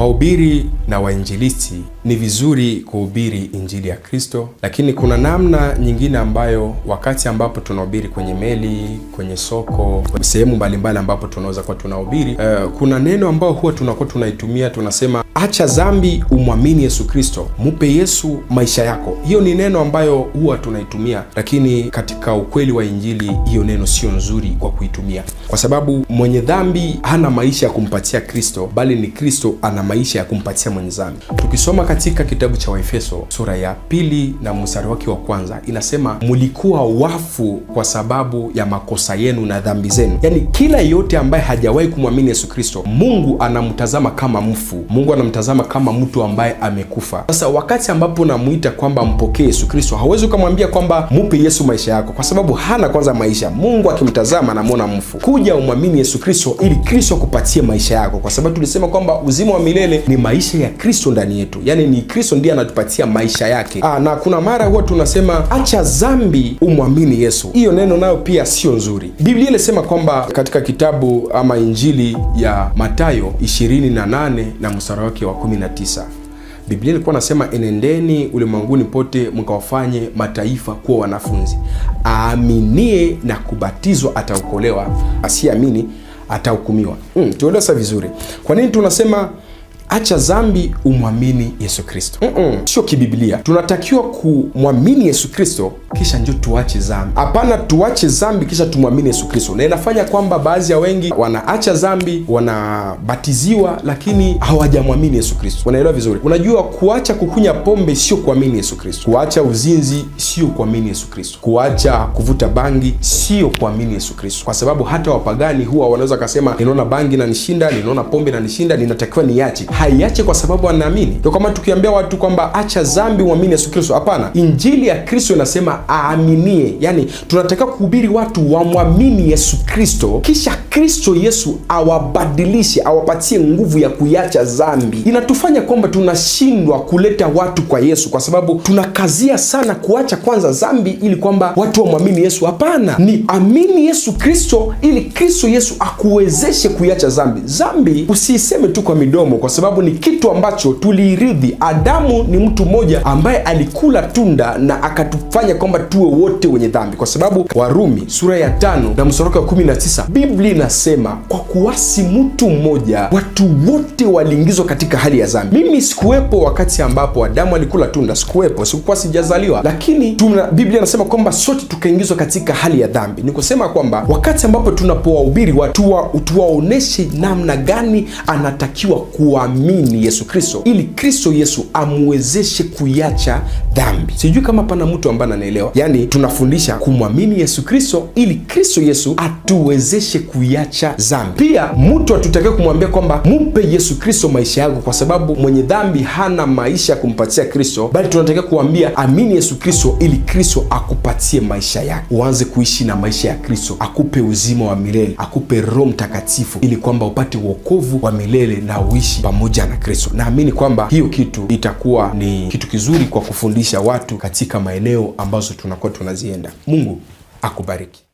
Wahubiri na wainjilisti ni vizuri kuhubiri injili ya Kristo, lakini kuna namna nyingine ambayo wakati ambapo tunahubiri kwenye meli, kwenye soko, sehemu mbalimbali ambapo tunaweza kuwa tunahubiri uh, kuna neno ambayo huwa tunakuwa tunaitumia, tunasema acha dhambi, umwamini Yesu Kristo, mupe Yesu maisha yako. Hiyo ni neno ambayo huwa tunaitumia, lakini katika ukweli wa injili hiyo neno sio nzuri kwa kuitumia, kwa sababu mwenye dhambi hana maisha ya kumpatia Kristo, bali ni Kristo ana maisha ya kumpatia mwenzangu. Tukisoma katika kitabu cha Waefeso sura ya pili na mstari wake wa kwanza inasema, mulikuwa wafu kwa sababu ya makosa yenu na dhambi zenu. Yaani kila yote ambaye hajawahi kumwamini Yesu Kristo, Mungu anamtazama kama mfu. Mungu anamtazama kama mtu ambaye amekufa. Sasa wakati ambapo namuita kwamba mpokee Yesu Kristo, hawezi ukamwambia kwamba mupe Yesu maisha yako, kwa sababu hana kwanza maisha. Mungu akimtazama anamwona mfu. Kuja umwamini Yesu Kristo ili Kristo akupatie maisha yako, kwa sababu tulisema kwamba uzima wa milele milele ni maisha ya Kristo ndani yetu, yaani ni Kristo ndiye anatupatia maisha yake. Aa, ah, na kuna mara huwa tunasema acha zambi umwamini Yesu. Hiyo neno nayo pia sio nzuri. Biblia ilisema kwamba katika kitabu ama Injili ya matayo 28 na msara wake wa 19 Biblia ilikuwa nasema enendeni ulimwenguni pote mkawafanye mataifa kuwa wanafunzi, aaminie na kubatizwa ataokolewa, asiamini atahukumiwa. Mm, tuelewe sasa vizuri, kwa nini tunasema acha zambi umwamini Yesu Kristo. mm -mm. Sio kibiblia, tunatakiwa kumwamini Yesu Kristo kisha njo tuache zambi Hapana, tuache zambi kisha tumwamini Yesu Kristo, na inafanya kwamba baadhi ya wengi wanaacha zambi wanabatiziwa, lakini hawajamwamini Yesu Kristo. Unaelewa vizuri? Unajua, kuacha kukunya pombe sio kuamini Yesu Kristo, kuacha uzinzi sio kuamini Yesu Kristo, kuacha kuvuta bangi sio kuamini Yesu Kristo, kwa sababu hata wapagani huwa wanaweza kasema, ninaona bangi nanishinda, ninaona pombe nanishinda, ninatakiwa niache haiache kwa sababu anaamini. Ndio kama tukiambia watu kwamba acha dhambi uamini Yesu Kristo, hapana. Injili ya Kristo inasema aaminie, yani tunatakiwa kuhubiri watu wamwamini Yesu Kristo, kisha Kristo Yesu awabadilishe, awapatie nguvu ya kuiacha dhambi. Inatufanya kwamba tunashindwa kuleta watu kwa Yesu kwa sababu tunakazia sana kuacha kwanza dhambi ili kwamba watu wamwamini Yesu. Hapana, ni amini Yesu Kristo ili Kristo Yesu akuwezeshe kuiacha dhambi. Dhambi usiiseme tu kwa midomo kwa sababu sababu ni kitu ambacho tuliirithi. Adamu ni mtu mmoja ambaye alikula tunda na akatufanya kwamba tuwe wote wenye dhambi, kwa sababu Warumi sura ya tano na msoroko wa 19 Biblia inasema kwa kuasi mtu mmoja watu wote waliingizwa katika hali ya dhambi. Mimi sikuwepo wakati ambapo Adamu alikula tunda, sikuwepo, sikuwa sijazaliwa, lakini tuna, Biblia inasema kwamba sote tukaingizwa katika hali ya dhambi. Ni kusema kwamba wakati ambapo tunapowahubiri watu tuwaoneshe namna gani anatakiwa kuwa kumwamini Yesu Kristo ili Kristo Yesu amwezeshe kuiacha dhambi. Sijui kama pana mtu ambaye ananielewa. Yaani tunafundisha kumwamini Yesu Kristo ili Kristo Yesu atuwezeshe kuiacha dhambi. Pia mtu atutakiwa kumwambia kwamba mupe Yesu Kristo maisha yako, kwa sababu mwenye dhambi hana maisha ya kumpatia Kristo, bali tunatakiwa kuambia amini Yesu Kristo ili Kristo akupatie maisha yake, uanze kuishi na maisha ya Kristo, akupe uzima wa milele, akupe Roho Mtakatifu ili kwamba upate wokovu wa milele na uishi pamoja pamoja na Kristo. Naamini kwamba hiyo kitu itakuwa ni kitu kizuri kwa kufundisha watu katika maeneo ambazo tunakuwa tunazienda. Mungu akubariki.